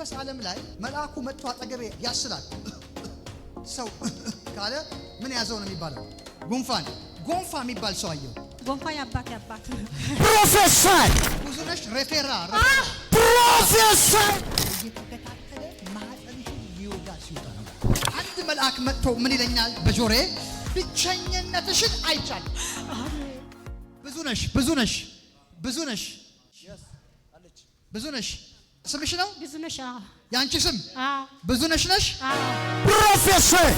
በመንፈስ ዓለም ላይ መልአኩ መጥቶ አጠገቤ ያስላል። ሰው ካለ ምን ያዘው ነው የሚባለው? ጉንፋን ጎንፋ የሚባል ሰው አየው። ጎንፋ ያባት ያባት ፕሮፌሰር ብዙነሽ ሬፌራ ፕሮፌሰር እየተከታተለ ማህፀንቱ ሊወጋ ሲወጣ ነው። አንድ መልአክ መጥቶ ምን ይለኛል? በጆሬ ብቸኝነትሽን አይቻልም። ብዙነሽ ብዙነሽ ብዙነሽ ብዙነሽ ስምሽ ነው ብዙነሽ? ያንቺ ስም ብዙነሽ ነሽ? ፕሮፌሰር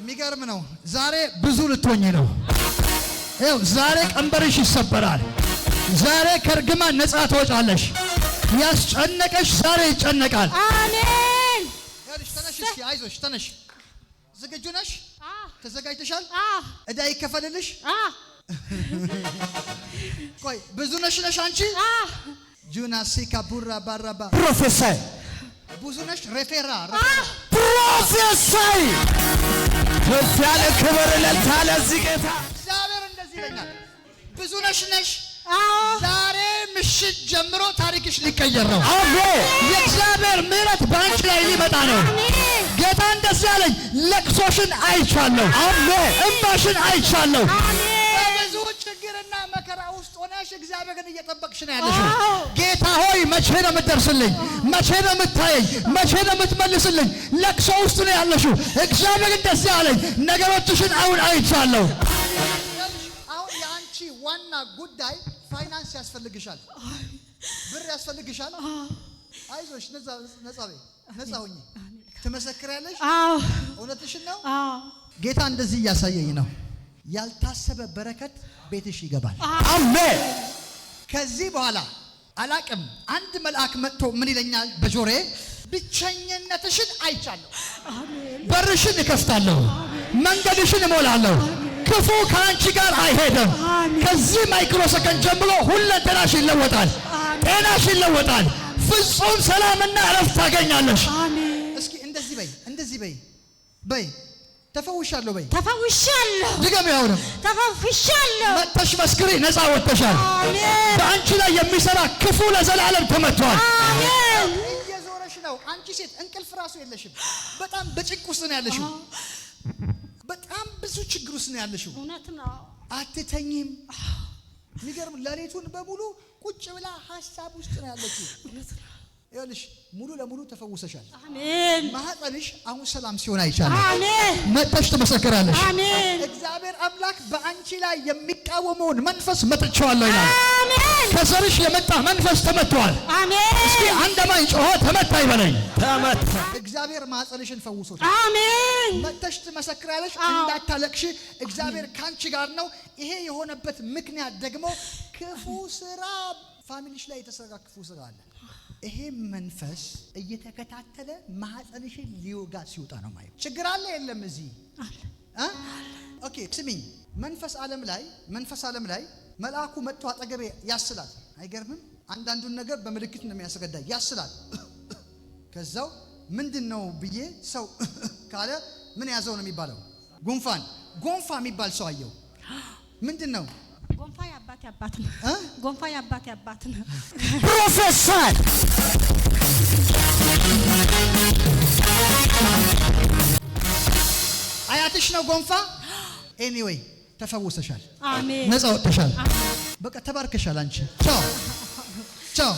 የሚገርም ነው። ዛሬ ብዙ ልትሆኝ ነው። ይኸው ዛሬ ቀንበርሽ ይሰበራል። ዛሬ ከእርግማን ነፃ ትወጫለሽ። ያስጨነቀሽ ዛሬ ይጨነቃል። አሜን። ተነሽ፣ አይዞሽ፣ ተነሽ። ዝግጁ ነሽ? ተዘጋጅተሻል? እዳ ይከፈልልሽ። ቆይ ብዙ ነሽ ነሽ አንቺ ፕሮፌሳይ ብዙነሽ ሬፌራ ፕሮፌሳይ ከፍ ያለ ክብር ለልታ ለዚህ ጌታ እግዚአብሔር እንደዚህ ይለኛል። ብዙነሽ ነሽ ዛሬ ምሽት ጀምሮ ታሪክሽ ሊቀየር ነው። የእግዚአብሔር ምሕረት በአንቺ ላይ ሊመጣ ነው። ጌታ እንደዚህ አለኝ። ለቅሶሽን አይቻለሁ፣ አይቻለሁ። ችግርና መከራ ውስጥ ሆነሽ እግዚአብሔርን እየጠበቅሽ ነው ያለሽ። ጌታ ሆይ መቼ ነው የምትደርስልኝ? መቼ ነው የምታየኝ? መቼ ነው የምትመልስልኝ? ለቅሶ ውስጥ ነው ያለሽው። እግዚአብሔር ደስ ያለኝ ነገሮችሽን አሁን አይቻለሁ። አሁን የአንቺ ዋና ጉዳይ ፋይናንስ ያስፈልግሻል፣ ብር ያስፈልግሻል። አይዞሽ፣ ነጻ በይ፣ ነጻ ሁኚ። ትመሰክሪያለሽ። እውነትሽን ነው። ጌታ እንደዚህ እያሳየኝ ነው ያልታሰበ በረከት ቤትሽ ይገባል። አሜን። ከዚህ በኋላ አላቅም አንድ መልአክ መጥቶ ምን ይለኛል በጆሬ ብቸኝነትሽን አይቻለሁ። በርሽን እከፍታለሁ፣ መንገድሽን እሞላለሁ። ክፉ ከአንቺ ጋር አይሄድም። ከዚህ ማይክሮ ሰከንድ ጀምሮ ሁለንተናሽ ይለወጣል፣ ጤናሽ ይለወጣል። ፍጹም ሰላምና እረፍት ታገኛለሽ። እስኪ እንደዚህ በይ፣ እንደዚህ በይ በይ ተፈውሻለሁ በይ። ተፈውሻለሁ ድገም። ያው ነው ተፈውሻለሁ። መጥተሽ መስክሪ። ነፃ ወጥተሻል። አሜን። በአንቺ ላይ የሚሰራ ክፉ ለዘላለም ተመቷል። አሜን። እየዞረሽ ነው አንቺ ሴት፣ እንቅልፍ ራሱ የለሽም። በጣም በጭንቅ ውስጥ ነው ያለሽው። በጣም ብዙ ችግር ውስጥ ነው ያለሽው። እውነት ነው። አትተኝም። የሚገርም ለሌቱን በሙሉ ቁጭ ብላ ሀሳብ ውስጥ ነው ያለችው። ይኸውልሽ ሙሉ ለሙሉ ተፈውሰሻል። አሜን። ማህፀንሽ አሁን ሰላም ሲሆን አይቻለሁ። አሜን። መጥተሽ ትመሰክራለሽ። አሜን። እግዚአብሔር አምላክ በአንቺ ላይ የሚቃወመውን መንፈስ መጥቼዋለሁ ይላል። አሜን። ከዘርሽ የመጣ መንፈስ ተመቷል። አሜን። እስኪ አንደማኝ ጮሆ ተመታ ይበለኝ። ተመታ። እግዚአብሔር ማህፀንሽን ፈውሶታል። አሜን። መጥተሽ ትመሰክራለሽ። እንዳታለቅሽ፣ እግዚአብሔር ካንቺ ጋር ነው። ይሄ የሆነበት ምክንያት ደግሞ ክፉ ስራ ፋሚሊሽ ላይ የተሰራ ክፉ ስራ አለ ይሄ መንፈስ እየተከታተለ ማህፀንሽን ሊወጋ ሲወጣ ነው ማየው። ችግር አለ የለም? እዚህ ኦኬ፣ ስሚኝ። መንፈስ ዓለም ላይ መንፈስ ዓለም ላይ መልአኩ መጥቶ አጠገቤ ያስላል። አይገርምም? አንዳንዱን ነገር በምልክት ነው የሚያስረዳ ያስላል። ከዛው ምንድን ነው ብዬ ሰው ካለ ምን ያዘው ነው የሚባለው? ጉንፋን ጎንፋ የሚባል ሰው አየው። ምንድን ነው ፕሮፌሰር አያትሽ ነው ጎንፋ። ኤኒዌይ ተፈውሰሻል፣ ነጻ ወጥተሻል፣ በቃ ተባርከሻል። አንቺ ቻው ቻው